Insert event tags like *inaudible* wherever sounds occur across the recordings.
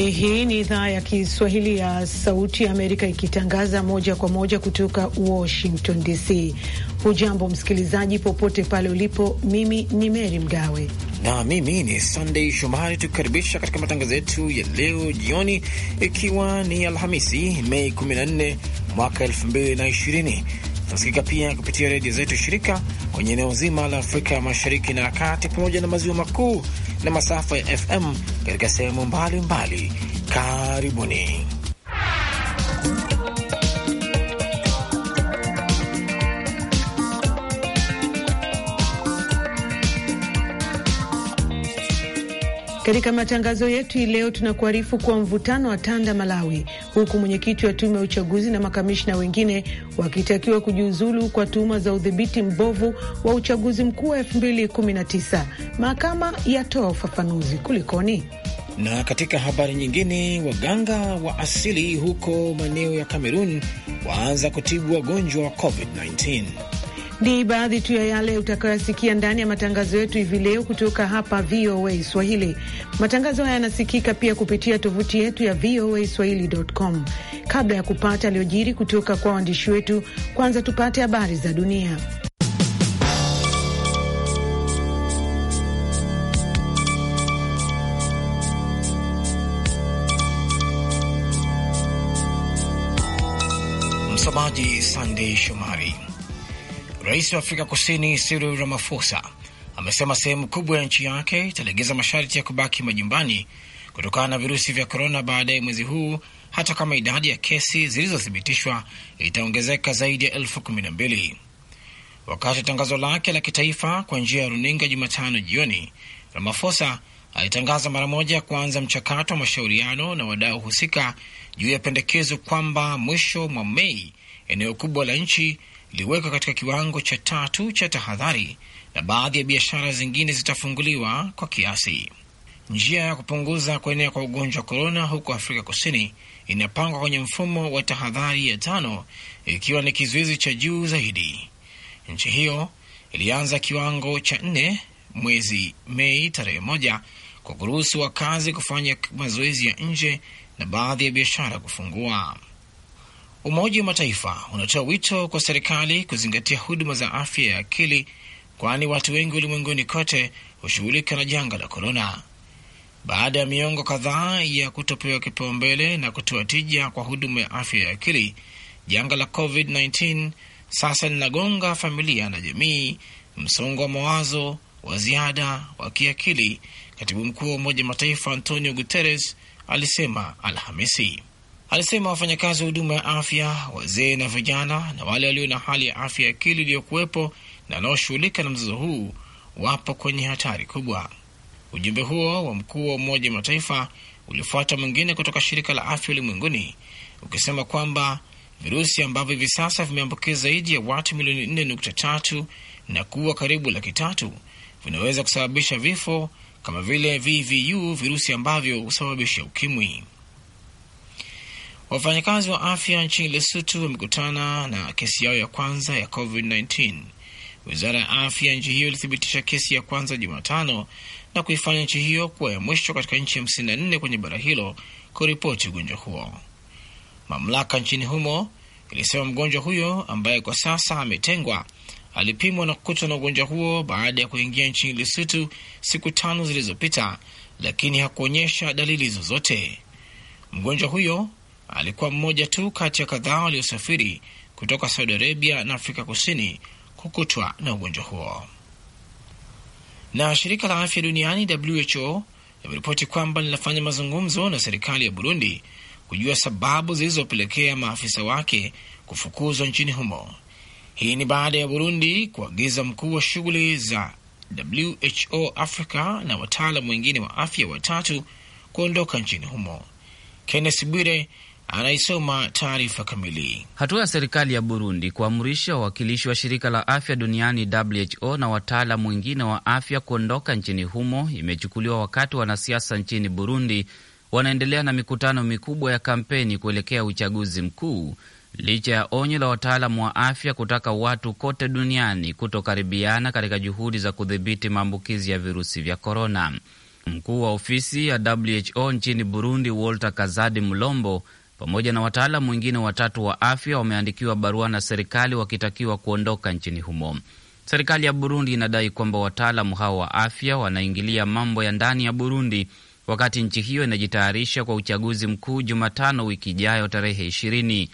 hii ni idhaa ya Kiswahili ya Sauti ya Amerika ikitangaza moja kwa moja kutoka Washington DC. Hujambo msikilizaji, popote pale ulipo. Mimi ni mery Mgawe na mimi ni sandey Shomari, tukikaribisha katika matangazo yetu ya leo jioni, ikiwa ni Alhamisi Mei 14 mwaka 2020 Tunasikika pia kupitia redio zetu shirika kwenye eneo zima la Afrika Mashariki na Kati pamoja na maziwa makuu na masafa ya FM katika sehemu mbalimbali. Karibuni. Katika matangazo yetu hii leo tunakuarifu kuwa mvutano wa tanda Malawi, huku mwenyekiti wa tume ya uchaguzi na makamishna wengine wakitakiwa kujiuzulu kwa tuhuma za udhibiti mbovu wa uchaguzi mkuu wa 2019. Mahakama yatoa ufafanuzi kulikoni. Na katika habari nyingine, waganga wa asili huko maeneo ya Kamerun waanza kutibu wagonjwa wa COVID-19. Ni baadhi tu ya yale utakayoyasikia ndani ya matangazo yetu hivi leo kutoka hapa VOA Swahili. Matangazo haya yanasikika pia kupitia tovuti yetu ya VOA Swahili.com. Kabla ya kupata aliyojiri kutoka kwa waandishi wetu, kwanza tupate habari za dunia. Msomaji Sandei Shomari. Rais wa Afrika Kusini Cyril Ramaphosa amesema sehemu kubwa ya nchi yake italegeza masharti ya kubaki majumbani kutokana na virusi vya korona baadaye mwezi huu, hata kama idadi ya kesi zilizothibitishwa itaongezeka zaidi ya elfu kumi na mbili. Wakati wa tangazo lake la kitaifa kwa njia ya runinga Jumatano jioni, Ramaphosa alitangaza mara moja kuanza mchakato wa mashauriano na wadau husika juu ya pendekezo kwamba mwisho mwa Mei eneo kubwa la nchi iliwekwa katika kiwango cha tatu cha tahadhari na baadhi ya biashara zingine zitafunguliwa kwa kiasi. Njia ya kupunguza kuenea kwa ugonjwa wa korona huko Afrika Kusini inapangwa kwenye mfumo wa tahadhari ya tano, ikiwa ni kizuizi cha juu zaidi. Nchi hiyo ilianza kiwango cha nne mwezi Mei tarehe moja kwa kuruhusu wakazi kufanya mazoezi ya nje na baadhi ya biashara kufungua. Umoja wa Mataifa unatoa wito kwa serikali kuzingatia huduma za afya ya akili, kwani watu wengi ulimwenguni kote hushughulika na janga la korona. Baada ya miongo kadhaa ya kutopewa kipaumbele na kutoa tija kwa huduma ya afya ya akili, janga la COVID-19 sasa linagonga familia na jamii, msongo wa mawazo wa ziada wa kiakili. Katibu mkuu wa Umoja wa Mataifa Antonio Guterres alisema Alhamisi Alisema wafanyakazi wa huduma ya afya, wazee na vijana, na wale walio na hali ya afya ya akili iliyokuwepo na wanaoshughulika na mzozo huu wapo kwenye hatari kubwa. Ujumbe huo wa mkuu wa Umoja wa Mataifa ulifuata mwingine kutoka Shirika la Afya Ulimwenguni ukisema kwamba virusi ambavyo hivi sasa vimeambukiza zaidi ya watu milioni 4.3 na kuwa karibu laki tatu vinaweza kusababisha vifo kama vile VVU, virusi ambavyo husababisha ukimwi. Wafanyakazi wa afya nchini lesutu wamekutana na kesi yao ya kwanza ya COVID-19. Wizara ya afya nchi hiyo ilithibitisha kesi ya kwanza Jumatano na kuifanya nchi hiyo kuwa ya mwisho katika nchi nne kwenye bara hilo kuripoti ugonjwa huo. Mamlaka nchini humo ilisema mgonjwa huyo ambaye kwa sasa ametengwa alipimwa na kukutwa na ugonjwa huo baada ya kuingia nchini lesutu siku tano zilizopita, lakini hakuonyesha dalili zozote. Mgonjwa huyo alikuwa mmoja tu kati ya kadhaa waliosafiri kutoka Saudi Arabia na Afrika Kusini kukutwa na ugonjwa huo. Na shirika la afya duniani WHO limeripoti kwamba linafanya mazungumzo na serikali ya Burundi kujua sababu zilizopelekea maafisa wake kufukuzwa nchini humo. Hii ni baada ya Burundi kuagiza mkuu wa shughuli za WHO Africa na wataalam wengine wa afya watatu kuondoka nchini humo. Kenneth Bwire anaisoma taarifa kamili. Hatua ya serikali ya Burundi kuamrisha wawakilishi wa shirika la afya duniani WHO na wataalamu wengine wa afya kuondoka nchini humo imechukuliwa wakati wanasiasa nchini Burundi wanaendelea na mikutano mikubwa ya kampeni kuelekea uchaguzi mkuu licha ya onyo la wataalamu wa afya kutaka watu kote duniani kutokaribiana katika juhudi za kudhibiti maambukizi ya virusi vya korona. Mkuu wa ofisi ya WHO nchini Burundi, Walter Kazadi Mulombo, pamoja na wataalamu wengine watatu wa afya wameandikiwa barua na serikali wakitakiwa kuondoka nchini humo. Serikali ya Burundi inadai kwamba wataalamu hao wa afya wanaingilia mambo ya ndani ya Burundi wakati nchi hiyo inajitayarisha kwa uchaguzi mkuu Jumatano wiki ijayo tarehe ishirini.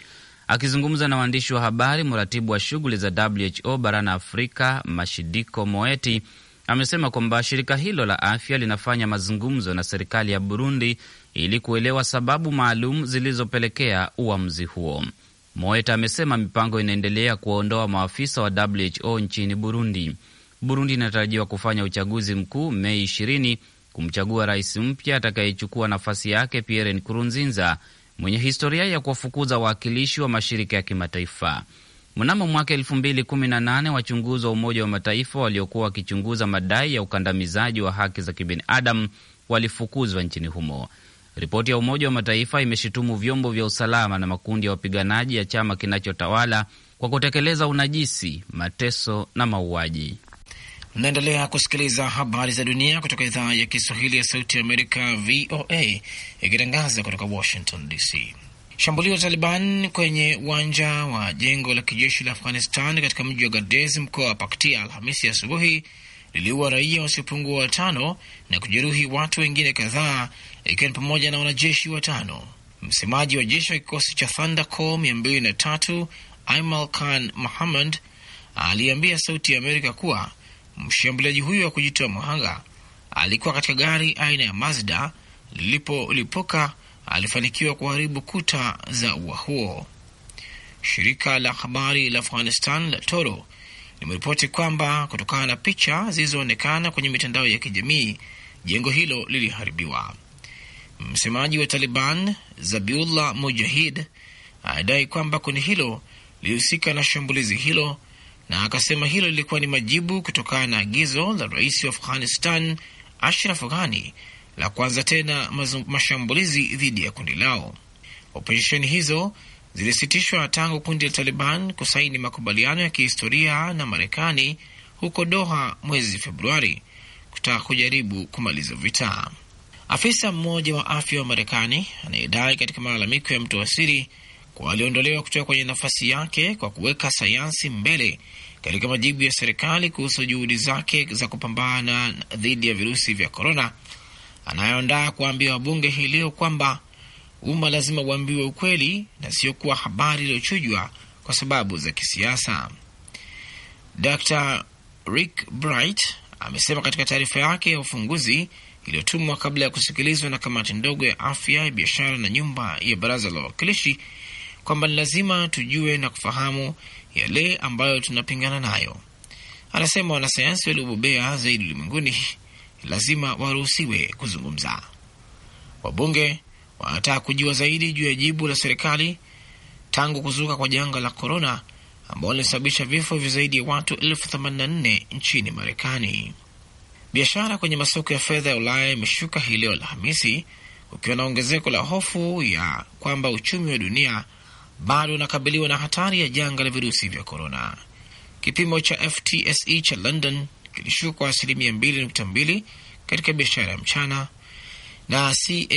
Akizungumza na waandishi wa habari, mratibu wa shughuli za WHO barani Afrika Mashidiko Moeti amesema kwamba shirika hilo la afya linafanya mazungumzo na serikali ya Burundi ili kuelewa sababu maalum zilizopelekea uamuzi huo. Moet amesema mipango inaendelea kuwaondoa maafisa wa WHO nchini Burundi. Burundi inatarajiwa kufanya uchaguzi mkuu Mei 20 kumchagua rais mpya atakayechukua nafasi yake Pierre Nkurunziza, mwenye historia ya kuwafukuza wawakilishi wa mashirika ya kimataifa. Mnamo mwaka 2018 wachunguzi wa Umoja wa Mataifa waliokuwa wakichunguza madai ya ukandamizaji wa haki za kibinadamu walifukuzwa nchini humo. Ripoti ya Umoja wa Mataifa imeshutumu vyombo vya usalama na makundi ya wapiganaji ya chama kinachotawala kwa kutekeleza unajisi, mateso na mauaji. Mnaendelea kusikiliza habari za dunia kutoka idhaa ya Kiswahili ya Sauti ya Amerika, VOA, ikitangaza kutoka Washington DC. Shambulio la Taliban kwenye uwanja wa jengo la kijeshi la Afghanistan katika mji wa Gardez, mkoa wa Paktia, Alhamisi asubuhi liliua raia wasiopungua watano na kujeruhi watu wengine kadhaa, ikiwa ni pamoja na wanajeshi watano. Msemaji wa jeshi wa kikosi cha Thunder Corps mia mbili na tatu Aimal Khan Muhammad aliambia Sauti ya Amerika kuwa mshambuliaji huyo wa kujitoa mhanga alikuwa katika gari aina ya Mazda lilipolipuka alifanikiwa kuharibu kuta za ua huo. Shirika la habari la Afghanistan la Toro limeripoti kwamba kutokana na picha zilizoonekana kwenye mitandao ya kijamii, jengo hilo liliharibiwa. Msemaji wa Taliban Zabiullah Mujahid anadai kwamba kundi hilo lilihusika na shambulizi hilo na akasema hilo lilikuwa ni majibu kutokana na agizo la rais wa Afghanistan Ashraf Ghani la kuanza tena mashambulizi dhidi ya kundi lao. Operesheni hizo zilisitishwa tangu kundi la Taliban kusaini makubaliano ya kihistoria na Marekani huko Doha mwezi Februari kutaka kujaribu kumaliza vita. Afisa mmoja wa afya wa Marekani anayedai katika malalamiko ya mtu wa siri kwa aliondolewa kutoka kwenye nafasi yake kwa kuweka sayansi mbele katika majibu ya serikali kuhusu juhudi zake za kupambana dhidi ya virusi vya korona, anayoandaa kuambia wabunge hii leo kwamba umma lazima uambiwe ukweli na sio kuwa habari iliyochujwa kwa sababu za kisiasa. Dr Rick Bright amesema katika taarifa yake ya ufunguzi iliyotumwa kabla ya kusikilizwa na kamati ndogo ya afya biashara na nyumba ya baraza la wawakilishi kwamba ni lazima tujue na kufahamu yale ambayo tunapingana nayo. Anasema wanasayansi waliobobea zaidi ulimwenguni *laughs* lazima waruhusiwe kuzungumza. Wabunge wanataka kujua zaidi juu ya jibu la serikali tangu kuzuka kwa janga la korona ambalo linasababisha vifo vya zaidi ya watu elfu 84 nchini Marekani. Biashara kwenye masoko ya fedha ya Ulaya imeshuka hii leo Alhamisi, ukiwa na ongezeko la hofu ya kwamba uchumi wa dunia bado unakabiliwa na hatari ya janga la virusi vya korona. Kipimo cha FTSE cha London kilishuka asilimia 2.2 katika biashara ya mchana na CAC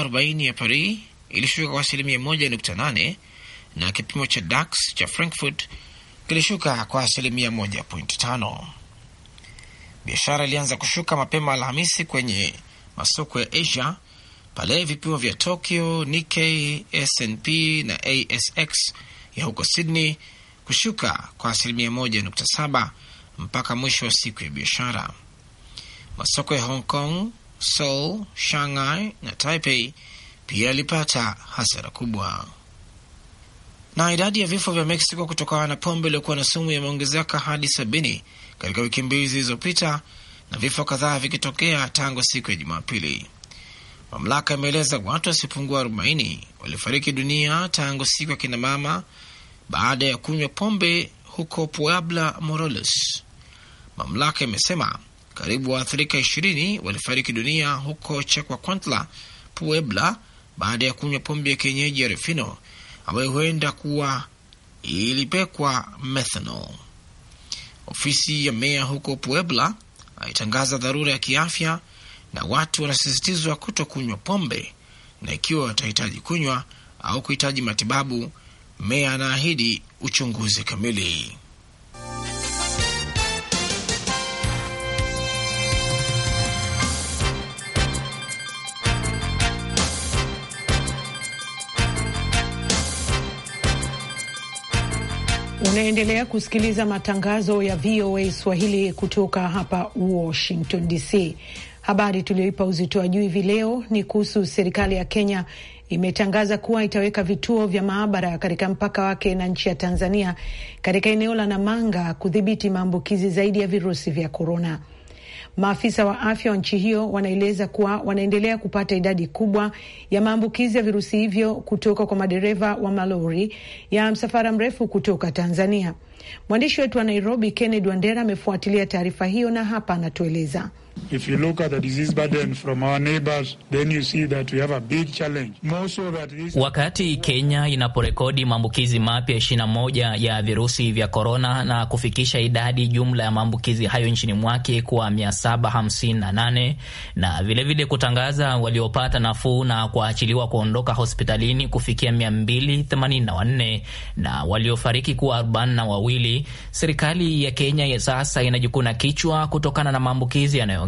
40 ya Paris ilishuka kwa asilimia 1.8 na kipimo cha DAX cha Frankfurt kilishuka kwa asilimia 1.5. Biashara ilianza kushuka mapema Alhamisi kwenye masoko ya Asia pale vipimo vya Tokyo, Nikkei, SNP na ASX ya huko Sydney kushuka kwa asilimia 1.7 mpaka mwisho wa siku ya biashara. Masoko ya Hong Kong Seoul, Shanghai na Taipei pia yalipata hasara kubwa. Na idadi ya vifo vya Mexico kutokana na pombe iliyokuwa na sumu imeongezeka hadi sabini katika wiki mbili zilizopita na vifo kadhaa vikitokea tangu siku ya Jumapili. Mamlaka imeeleza watu wasiopungua 40 walifariki dunia tangu siku ya kinamama baada ya kunywa pombe huko Puebla, Morelos. Mamlaka imesema karibu waathirika ishirini walifariki dunia huko Chekwa Kwantla, Puebla, baada ya kunywa pombe ya kienyeji ya refino ambayo huenda kuwa ilipekwa methanol. Ofisi ya meya huko Puebla alitangaza dharura ya kiafya na watu wanasisitizwa kuto kunywa pombe, na ikiwa watahitaji kunywa au kuhitaji matibabu, meya anaahidi uchunguzi kamili. Unaendelea kusikiliza matangazo ya VOA Swahili kutoka hapa Washington DC. Habari tuliyoipa uzito wa juu hivi leo ni kuhusu serikali ya Kenya imetangaza kuwa itaweka vituo vya maabara katika mpaka wake na nchi ya Tanzania katika eneo la Namanga kudhibiti maambukizi zaidi ya virusi vya korona. Maafisa wa afya wa nchi hiyo wanaeleza kuwa wanaendelea kupata idadi kubwa ya maambukizi ya virusi hivyo kutoka kwa madereva wa malori ya msafara mrefu kutoka Tanzania. Mwandishi wetu wa Nairobi, Kennedy Wandera, amefuatilia taarifa hiyo na hapa anatueleza. Wakati Kenya inaporekodi maambukizi mapya 21 ya virusi vya korona na kufikisha idadi jumla ya maambukizi hayo nchini mwake kuwa 758 na vilevile vile kutangaza waliopata nafuu na kuachiliwa kuondoka hospitalini kufikia 284 na waliofariki kuwa arobaini na wawili, serikali ya Kenya ya sasa inajikuna kichwa kutokana na maambukizi yanayo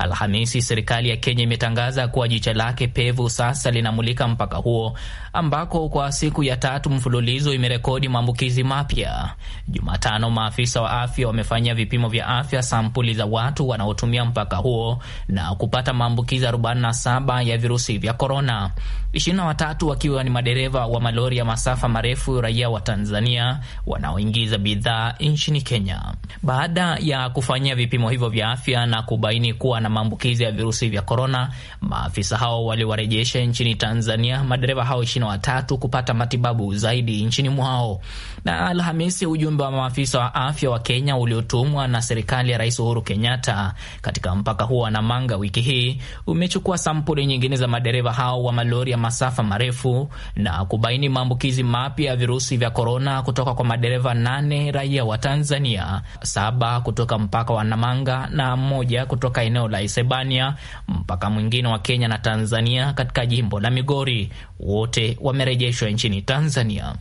Alhamisi serikali ya Kenya imetangaza kuwa jicho lake pevu sasa linamulika mpaka huo ambako kwa siku ya tatu mfululizo imerekodi maambukizi mapya. Jumatano, maafisa wa afya wamefanyia vipimo vya afya sampuli za watu wanaotumia mpaka huo na kupata maambukizi 47 ya virusi vya korona ishirini na watatu wakiwa ni madereva wa malori ya masafa marefu raia wa Tanzania wanaoingiza bidhaa nchini Kenya. Baada ya kufanyia vipimo hivyo vya afya na kubaini kuwa na maambukizi ya virusi vya korona, maafisa hao waliwarejesha nchini Tanzania madereva hao ishirini na watatu kupata matibabu zaidi nchini mwao. Na Alhamisi, ujumbe wa maafisa wa afya wa Kenya uliotumwa na serikali ya Rais Uhuru Kenyatta katika mpaka huo wa Namanga wiki hii umechukua sampuli nyingine za madereva hao wa malori ya masafa marefu na kubaini maambukizi mapya ya virusi vya korona kutoka kwa madereva nane raia wa Tanzania, saba kutoka mpaka wa Namanga na mmoja kutoka eneo la Isebania, mpaka mwingine wa Kenya na Tanzania katika jimbo la Migori, wote wamerejeshwa nchini Tanzania.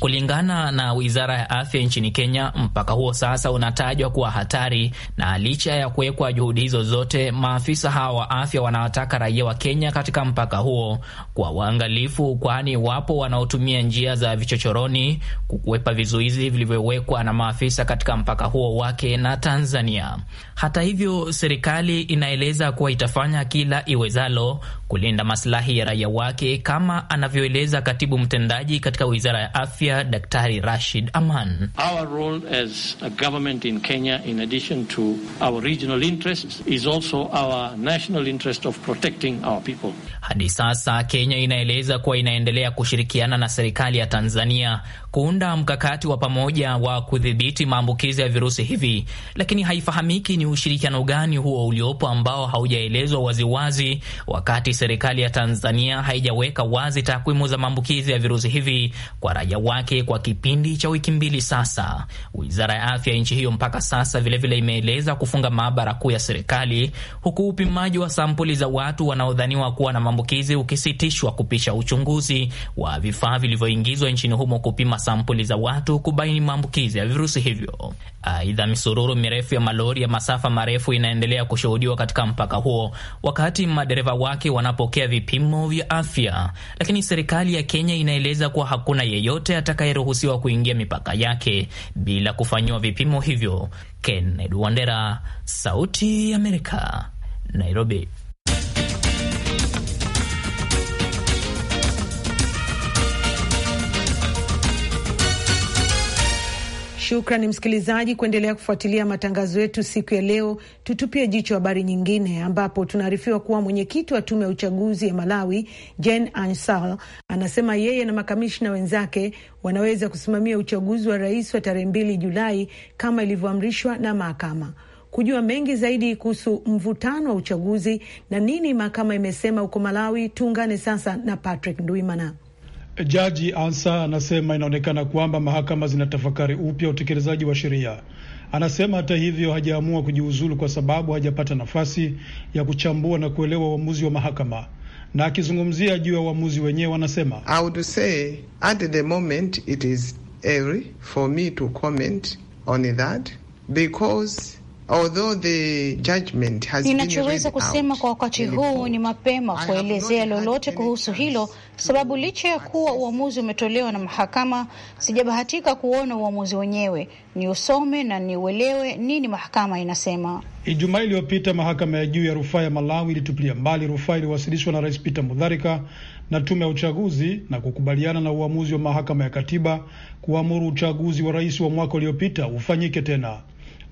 Kulingana na wizara ya afya nchini Kenya, mpaka huo sasa unatajwa kuwa hatari, na licha ya kuwekwa juhudi hizo zote, maafisa hawa wa afya wanawataka raia wa Kenya katika mpaka huo kwa uangalifu, kwani wapo wanaotumia njia za vichochoroni kukwepa vizuizi vilivyowekwa na maafisa katika mpaka huo wake na Tanzania. Hata hivyo, serikali inaeleza kuwa itafanya kufanya kila iwezalo kulinda masilahi ya raia wake, kama anavyoeleza katibu mtendaji katika wizara ya afya, Daktari Rashid Aman. Our role as a government in Kenya in addition to our regional interests is also our national interest of protecting our people. Hadi sasa Kenya inaeleza kuwa inaendelea kushirikiana na serikali ya Tanzania kuunda mkakati wa pamoja wa kudhibiti maambukizi ya virusi hivi, lakini haifahamiki ni ushirikiano gani huo uliopo ambao haujaelezwa waziwazi, wakati serikali ya Tanzania haijaweka wazi takwimu za maambukizi ya virusi hivi kwa raia wake kwa kipindi cha wiki mbili sasa. Wizara ya afya ya nchi hiyo mpaka sasa vilevile imeeleza kufunga maabara kuu ya serikali, huku upimaji wa sampuli za watu wanaodhaniwa kuwa na maambukizi ukisitishwa kupisha uchunguzi wa vifaa vilivyoingizwa nchini humo kupima sampuli za watu kubaini maambukizi ya virusi hivyo. Aidha, misururu mirefu ya malori ya masafa marefu inaendelea kushuhudiwa katika mpaka huo, wakati madereva wake wanapokea vipimo vya afya, lakini serikali ya Kenya inaeleza kuwa hakuna yeyote atakayeruhusiwa kuingia mipaka yake bila kufanyiwa vipimo hivyo. Kennedy Wandera, Sauti ya Amerika, Nairobi. Shukrani msikilizaji kuendelea kufuatilia matangazo yetu siku ya leo. Tutupie jicho habari nyingine, ambapo tunaarifiwa kuwa mwenyekiti wa tume ya uchaguzi ya Malawi Jen Ansal anasema yeye na makamishna wenzake wanaweza kusimamia uchaguzi wa rais wa tarehe mbili Julai kama ilivyoamrishwa na mahakama. Kujua mengi zaidi kuhusu mvutano wa uchaguzi na nini mahakama imesema huko Malawi, tuungane sasa na Patrick Ndwimana. Jaji Ansa anasema inaonekana kwamba mahakama zinatafakari upya utekelezaji wa sheria. Anasema hata hivyo hajaamua kujiuzulu kwa sababu hajapata nafasi ya kuchambua na kuelewa uamuzi wa mahakama. Na akizungumzia juu ya uamuzi wenyewe, anasema I would say at the moment it is early for me to comment on that because Ninachoweza kusema kwa wakati huu ni mapema kuelezea lolote kuhusu hilo, sababu licha ya kuwa uamuzi umetolewa na mahakama, sijabahatika kuona uamuzi wenyewe, ni usome na niuelewe nini mahakama inasema. Ijumaa iliyopita mahakama ya juu ya rufaa ya Malawi ilitupilia mbali rufaa iliyowasilishwa na Rais Peter Mutharika na tume ya uchaguzi na kukubaliana na uamuzi wa mahakama ya katiba kuamuru uchaguzi wa rais wa mwaka uliopita ufanyike tena.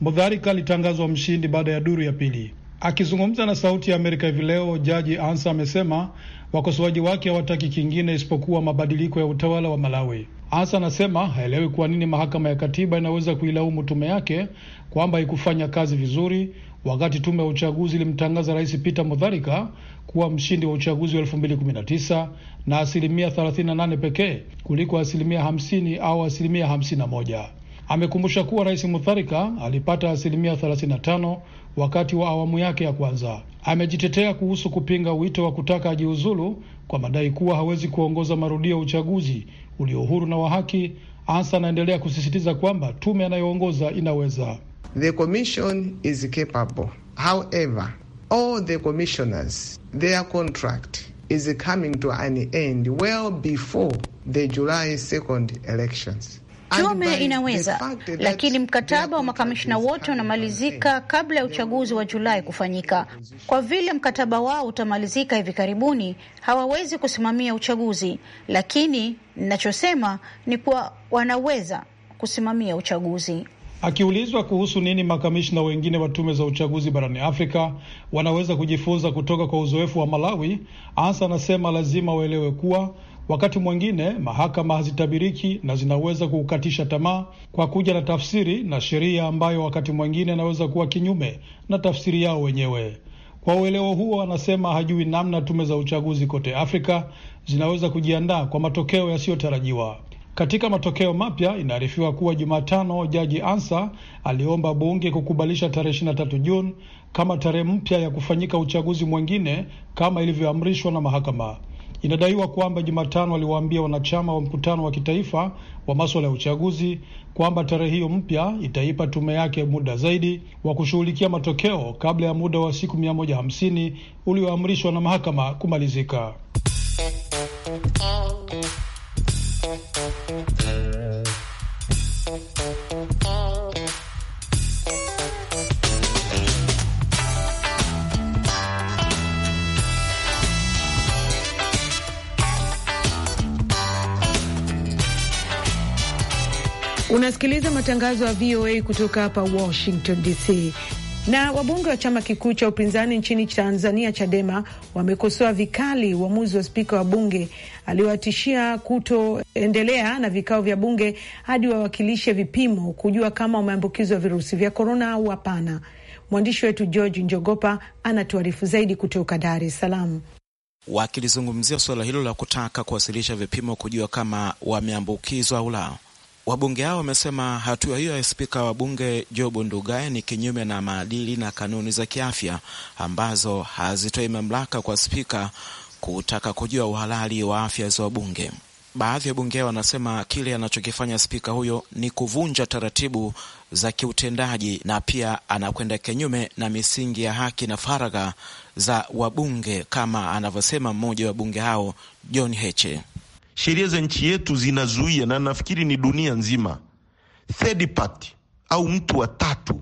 Mudharika alitangazwa mshindi baada ya duru ya pili. Akizungumza na Sauti ya Amerika hivi leo, Jaji Ansa amesema wakosoaji wake hawataki kingine isipokuwa mabadiliko ya utawala wa Malawi. Ansa anasema haelewi kwa nini mahakama ya katiba inaweza kuilaumu tume yake kwamba haikufanya kazi vizuri, wakati tume ya uchaguzi ilimtangaza Rais Peter Mudharika kuwa mshindi wa uchaguzi wa 2019 na asilimia 38 pekee kuliko asilimia 50 au asilimia 51 Amekumbusha kuwa Rais Mutharika alipata asilimia 35 wakati wa awamu yake ya kwanza. Amejitetea kuhusu kupinga wito wa kutaka ajiuzulu kwa madai kuwa hawezi kuongoza marudio ya uchaguzi ulio huru na wa haki. Ansa anaendelea kusisitiza kwamba tume anayoongoza inaweza The commission is capable. However, all the commissioners, their contract is coming to an end well before the July 2nd elections. Tume inaweza, lakini mkataba wa makamishna wote unamalizika kabla ya uchaguzi wa Julai kufanyika. Kwa vile mkataba wao utamalizika hivi karibuni, hawawezi kusimamia uchaguzi, lakini ninachosema ni kuwa wanaweza kusimamia uchaguzi. Akiulizwa kuhusu nini makamishna wengine wa tume za uchaguzi barani Afrika wanaweza kujifunza kutoka kwa uzoefu wa Malawi, Ansa anasema lazima waelewe kuwa Wakati mwingine mahakama hazitabiriki na zinaweza kukatisha tamaa kwa kuja na tafsiri na sheria ambayo wakati mwingine inaweza kuwa kinyume na tafsiri yao wenyewe. Kwa uelewa huo, anasema hajui namna tume za uchaguzi kote Afrika zinaweza kujiandaa kwa matokeo yasiyotarajiwa. Katika matokeo mapya, inaarifiwa kuwa Jumatano Jaji Ansa aliomba bunge kukubalisha tarehe 23 Juni kama tarehe mpya ya kufanyika uchaguzi mwingine kama ilivyoamrishwa na mahakama. Inadaiwa kwamba Jumatano aliwaambia wanachama wa mkutano wa kitaifa wa maswala ya uchaguzi kwamba tarehe hiyo mpya itaipa tume yake muda zaidi wa kushughulikia matokeo kabla ya muda wa siku 150 ulioamrishwa na mahakama kumalizika. Unasikiliza matangazo ya VOA kutoka hapa Washington DC. Na wabunge wa chama kikuu cha upinzani nchini Tanzania, Chadema, wamekosoa vikali uamuzi wa spika wa bunge aliowatishia kutoendelea na vikao vya bunge hadi wawakilishe vipimo kujua kama wameambukizwa virusi vya korona au hapana. Mwandishi wetu George Njogopa anatuarifu zaidi kutoka Dar es Salaam. Wakilizungumzia suala hilo la kutaka kuwasilisha vipimo kujua kama wameambukizwa au la, Wabunge hao wamesema hatua hiyo ya spika wa bunge jobu Ndugai ni kinyume na maadili na kanuni za kiafya ambazo hazitoi mamlaka kwa spika kutaka kujua uhalali wa afya za wabunge. Baadhi ya wabunge hao wanasema kile anachokifanya spika huyo ni kuvunja taratibu za kiutendaji na pia anakwenda kinyume na misingi ya haki na faragha za wabunge, kama anavyosema mmoja wa bunge hao John Heche sheria za nchi yetu zinazuia, na nafikiri ni dunia nzima, third party au mtu wa tatu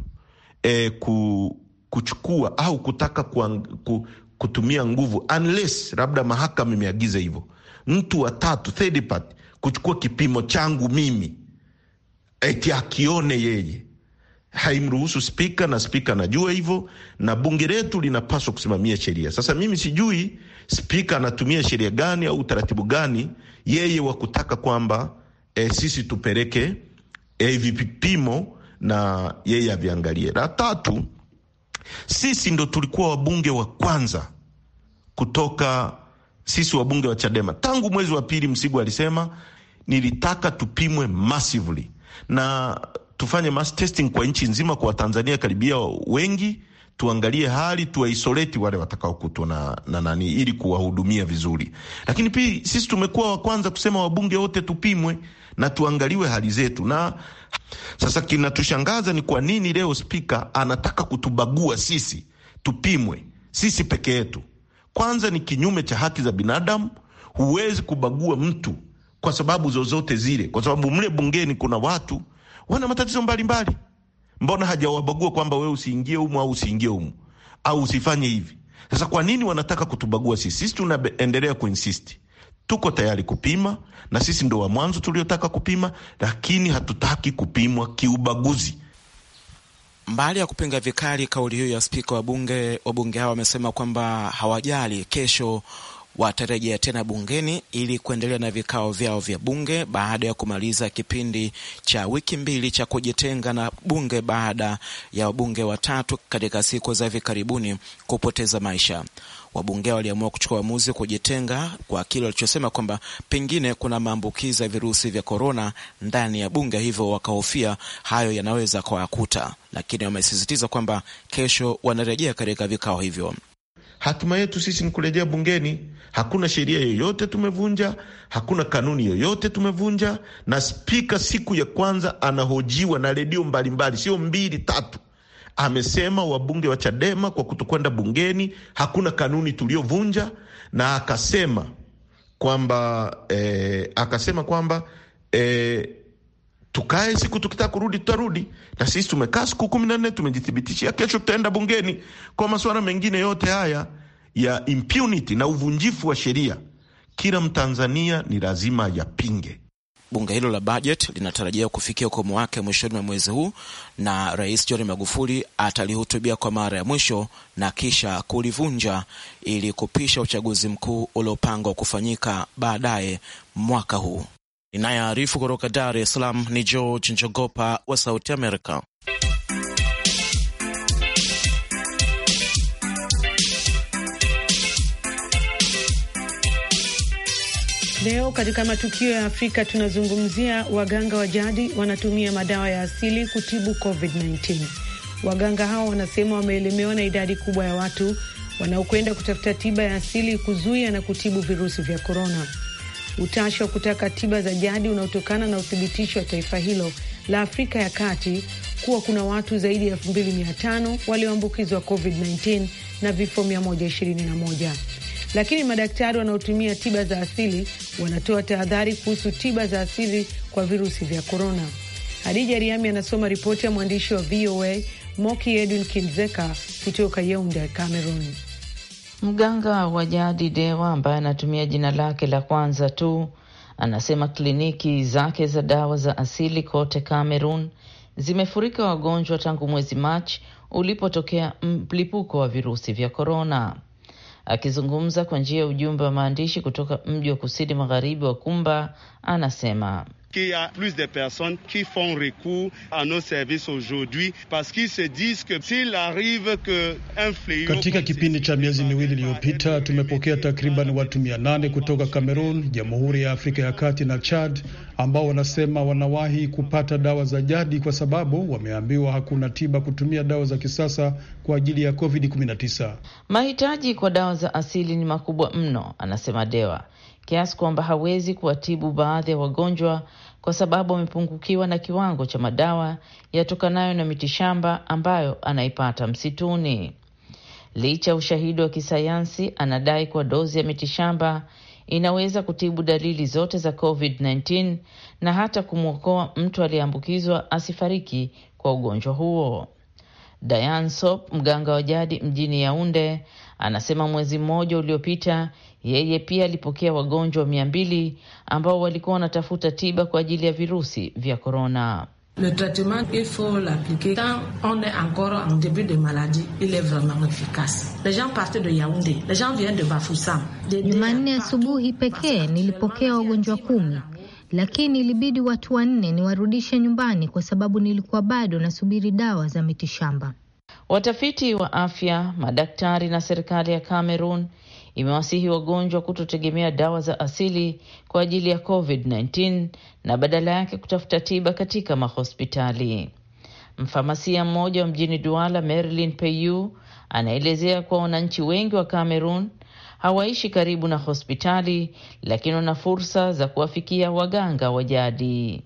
eh, ku, kuchukua au kutaka ku, ku, kutumia nguvu unless labda mahakama imeagiza hivyo, mtu wa tatu third party kuchukua kipimo changu mimi eti akione yeye haimruhusu spika, na spika anajua hivyo, na bunge letu linapaswa kusimamia sheria. Sasa mimi sijui spika anatumia sheria gani au utaratibu gani yeye wa kutaka kwamba e, sisi tupeleke hivi eh, e, vipimo na yeye aviangalie. La tatu, sisi ndo tulikuwa wabunge wa kwanza kutoka sisi wabunge wa Chadema tangu mwezi wa pili. Msigu alisema nilitaka tupimwe massively na tufanye mass testing kwa nchi nzima, kwa Watanzania karibia wengi tuangalie hali tuwaisoleti wale watakaokutwa na, na nani ili kuwahudumia vizuri. Lakini pia sisi tumekuwa wa kwanza kusema wabunge wote tupimwe na tuangaliwe hali zetu, na sasa kinatushangaza ni kwa nini leo spika anataka kutubagua sisi tupimwe sisi peke yetu. Kwanza ni kinyume cha haki za binadamu. Huwezi kubagua mtu kwa sababu zozote zile, kwa sababu mle bungeni kuna watu wana matatizo mbalimbali mbali. Mbona hajawabagua kwamba wewe usiingie humu au usiingie humu au usifanye hivi? Sasa kwa nini wanataka kutubagua sisi? Sisi tunaendelea kuinsisti, tuko tayari kupima, na sisi ndo wa mwanzo tuliotaka kupima, lakini hatutaki kupimwa kiubaguzi. Mbali ya kupinga vikali kauli hiyo ya spika wa bunge, wabunge hao wamesema kwamba hawajali kesho watarejea tena bungeni ili kuendelea na vikao vyao vya bunge baada ya kumaliza kipindi cha wiki mbili cha kujitenga na bunge baada ya wabunge watatu katika siku za hivi karibuni kupoteza maisha. Wabunge waliamua kuchukua uamuzi kujitenga kwa kile walichosema kwamba pengine kuna maambukizi ya virusi vya korona ndani ya bunge, hivyo wakahofia hayo yanaweza kuwakuta, lakini wamesisitiza kwamba kesho wanarejea katika vikao hivyo. Hatima yetu sisi ni kurejea bungeni. Hakuna sheria yoyote tumevunja, hakuna kanuni yoyote tumevunja. Na spika siku ya kwanza anahojiwa na redio mbalimbali, sio mbili tatu, amesema wabunge wa Chadema kwa kutokwenda bungeni hakuna kanuni tuliyovunja, na akasema kwamba eh, akasema kwamba eh, tukae siku tukitaka kurudi tutarudi, na sisi tumekaa siku kumi na nne tumejithibitishia, kesho tutaenda bungeni. Kwa masuala mengine yote haya ya impunity na uvunjifu wa sheria, kila Mtanzania ni lazima yapinge. Bunge hilo la bajeti linatarajia kufikia ukomo wake mwishoni mwa mwezi huu, na Rais John Magufuli atalihutubia kwa mara ya mwisho na kisha kulivunja ili kupisha uchaguzi mkuu uliopangwa kufanyika baadaye mwaka huu. Inayoarifu kutoka Dar es Salaam ni George Njogopa wa Sauti Amerika. Leo katika matukio ya Afrika tunazungumzia waganga wa jadi wanatumia madawa ya asili kutibu COVID-19. Waganga hao wanasema wameelemewa na idadi kubwa ya watu wanaokwenda kutafuta tiba ya asili kuzuia na kutibu virusi vya korona utashi wa kutaka tiba za jadi unaotokana na uthibitisho wa taifa hilo la Afrika ya Kati kuwa kuna watu zaidi ya 2500 walioambukizwa COVID-19 na vifo 121 lakini madaktari wanaotumia tiba za asili wanatoa tahadhari kuhusu tiba za asili kwa virusi vya korona. Hadija Riami anasoma ripoti ya mwandishi wa VOA Moki Edwin Kinzeka kutoka Yeunde, Cameroon. Mganga wa jadi Dewa, ambaye anatumia jina lake la kwanza tu, anasema kliniki zake za dawa za asili kote Cameroon zimefurika wagonjwa tangu mwezi Machi ulipotokea mlipuko wa virusi vya korona. Akizungumza kwa njia ya ujumbe wa maandishi kutoka mji wa kusini magharibi wa Kumba, anasema qu'il y a plus de personnes qui font recours à nos services aujourd'hui parce qu'ils se disent que s'il arrive que un fléau. Katika kipindi cha miezi miwili iliyopita tumepokea takriban watu mia kutoka Cameroon, Jamhuri ya Afrika ya Kati na Chad ambao wanasema wanawahi kupata dawa za jadi kwa sababu wameambiwa hakuna tiba kutumia dawa za kisasa kwa ajili ya COVID-19. Mahitaji kwa dawa za asili ni makubwa mno, anasema Dewa, kiasi kwamba hawezi kuwatibu baadhi ya wagonjwa kwa sababu amepungukiwa na kiwango cha madawa yatokanayo na mitishamba ambayo anaipata msituni. Licha ya ushahidi wa kisayansi, anadai kuwa dozi ya mitishamba inaweza kutibu dalili zote za COVID-19 na hata kumwokoa mtu aliyeambukizwa asifariki kwa ugonjwa huo. Diane Sop, mganga wa jadi mjini Yaunde, anasema mwezi mmoja uliopita yeye pia alipokea wagonjwa mia mbili ambao walikuwa wanatafuta tiba kwa ajili ya virusi vya korona. Le traitement il faut l'appliquer quand on est encore en début de maladie, il est vraiment efficace. Les gens partent de Yaoundé, les gens viennent de Bafoussam. Jumanne asubuhi pekee nilipokea wagonjwa kumi, lakini ilibidi watu wanne niwarudishe nyumbani kwa sababu nilikuwa bado nasubiri dawa za mitishamba. Watafiti wa afya, madaktari na serikali ya Cameroon imewasihi wagonjwa kutotegemea dawa za asili kwa ajili ya COVID-19 na badala yake kutafuta tiba katika mahospitali. Mfamasia mmoja wa mjini Duala, Marilyn Peyu, anaelezea kuwa wananchi wengi wa Cameroon hawaishi karibu na hospitali, lakini wana fursa za kuwafikia waganga wa jadi.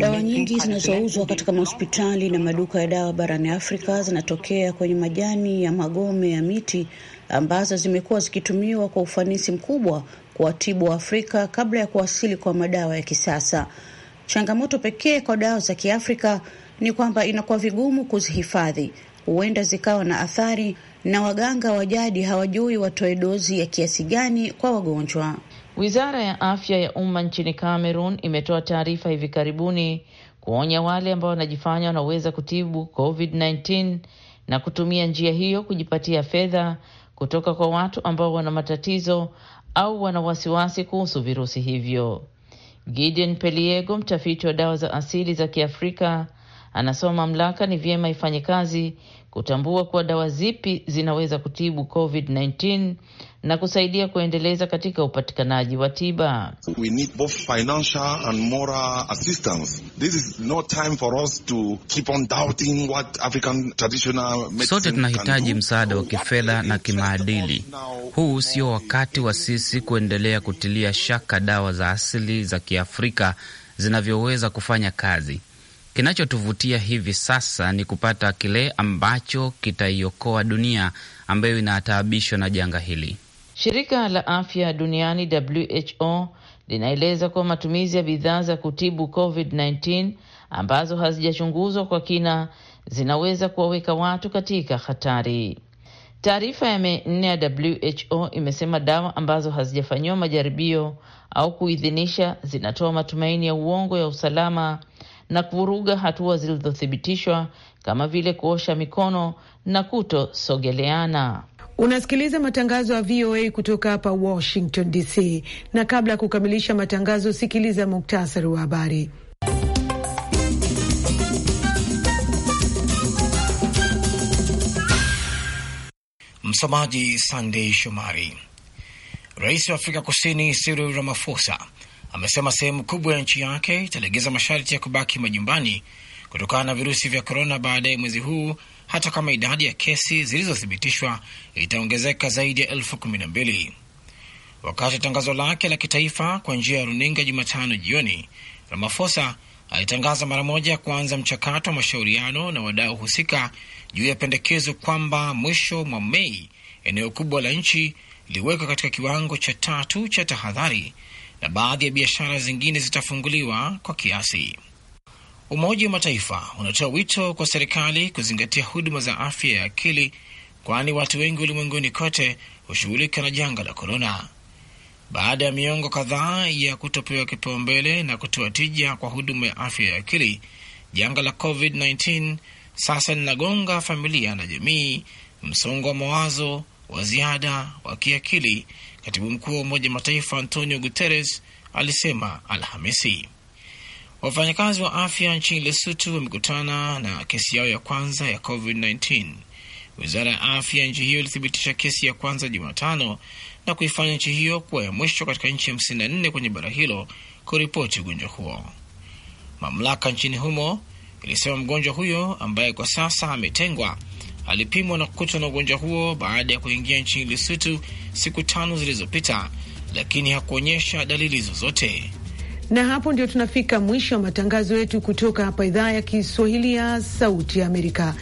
Dawa nyingi zinazouzwa katika mahospitali na maduka ya dawa barani Afrika zinatokea kwenye majani ya magome ya miti ambazo zimekuwa zikitumiwa kwa ufanisi mkubwa kuwatibu wa afrika kabla ya kuwasili kwa madawa ya kisasa. Changamoto pekee kwa dawa za Kiafrika ni kwamba inakuwa vigumu kuzihifadhi, huenda zikawa na athari, na waganga wa jadi hawajui watoe dozi ya kiasi gani kwa wagonjwa. Wizara ya afya ya umma nchini Cameroon imetoa taarifa hivi karibuni kuonya wale ambao wanajifanya wanaweza kutibu COVID-19 na kutumia njia hiyo kujipatia fedha kutoka kwa watu ambao wana matatizo au wana wasiwasi kuhusu virusi hivyo. Gideon Peliego, mtafiti wa dawa za asili za Kiafrika Anasema mamlaka ni vyema ifanye kazi kutambua kuwa dawa zipi zinaweza kutibu COVID-19 na kusaidia kuendeleza katika upatikanaji wa tiba. Sote tunahitaji msaada wa kifedha na kimaadili. Huu sio wakati wa sisi kuendelea kutilia shaka dawa za asili za Kiafrika zinavyoweza kufanya kazi. Kinachotuvutia hivi sasa ni kupata kile ambacho kitaiokoa dunia ambayo inataabishwa na janga hili. Shirika la afya duniani WHO linaeleza kuwa matumizi ya bidhaa za kutibu COVID-19 ambazo hazijachunguzwa kwa kina zinaweza kuwaweka watu katika hatari. Taarifa ya Mei nne ya WHO imesema dawa ambazo hazijafanyiwa majaribio au kuidhinisha zinatoa matumaini ya uongo ya usalama na kuvuruga hatua zilizothibitishwa kama vile kuosha mikono na kutosogeleana. Unasikiliza matangazo ya VOA kutoka hapa Washington DC, na kabla ya kukamilisha matangazo, sikiliza muktasari wa habari. Msomaji Sandey Shomari. Rais wa Afrika Kusini Cyril Ramaphosa amesema sehemu kubwa ya nchi yake italegeza masharti ya kubaki majumbani kutokana na virusi vya korona baadaye mwezi huu, hata kama idadi ya kesi zilizothibitishwa itaongezeka zaidi ya elfu kumi na mbili. Wakati wa tangazo lake la kitaifa kwa njia ya runinga Jumatano jioni, Ramafosa alitangaza mara moja kuanza mchakato wa mashauriano na wadau husika juu ya pendekezo kwamba mwisho mwa Mei eneo kubwa la nchi liliwekwa katika kiwango cha tatu cha tahadhari na baadhi ya biashara zingine zitafunguliwa kwa kiasi. Umoja wa Mataifa unatoa wito kwa serikali kuzingatia huduma za afya ya akili, kwani watu wengi ulimwenguni kote hushughulika na janga la korona. Baada ya miongo kadhaa ya kutopewa kipaumbele na kutoa tija kwa huduma ya afya ya akili, janga la COVID-19 sasa linagonga familia na jamii, msongo wa mawazo wa ziada wa kiakili Katibu mkuu wa Umoja Mataifa Antonio Guterres alisema Alhamisi. Wafanyakazi wa afya nchini lesutu wamekutana na kesi yao ya kwanza ya COVID-19. Wizara ya afya nchi hiyo ilithibitisha kesi ya kwanza Jumatano na kuifanya nchi hiyo kuwa ya mwisho katika nchi nne kwenye bara hilo kuripoti ugonjwa huo. Mamlaka nchini humo ilisema mgonjwa huyo ambaye kwa sasa ametengwa alipimwa na kukutwa na ugonjwa huo baada ya kuingia nchini Lesotho siku tano zilizopita, lakini hakuonyesha dalili zozote. Na hapo ndio tunafika mwisho wa matangazo yetu kutoka hapa idhaa ya Kiswahili ya Sauti ya Amerika.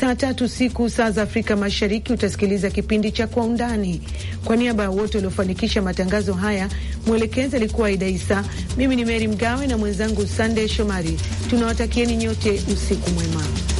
Saa tatu siku saa za Afrika Mashariki utasikiliza kipindi cha Kwa Undani. Kwa niaba ya wote waliofanikisha matangazo haya, mwelekezi alikuwa Aida Isa, mimi ni Meri Mgawe na mwenzangu Sandey Shomari. Tunawatakieni nyote usiku mwema.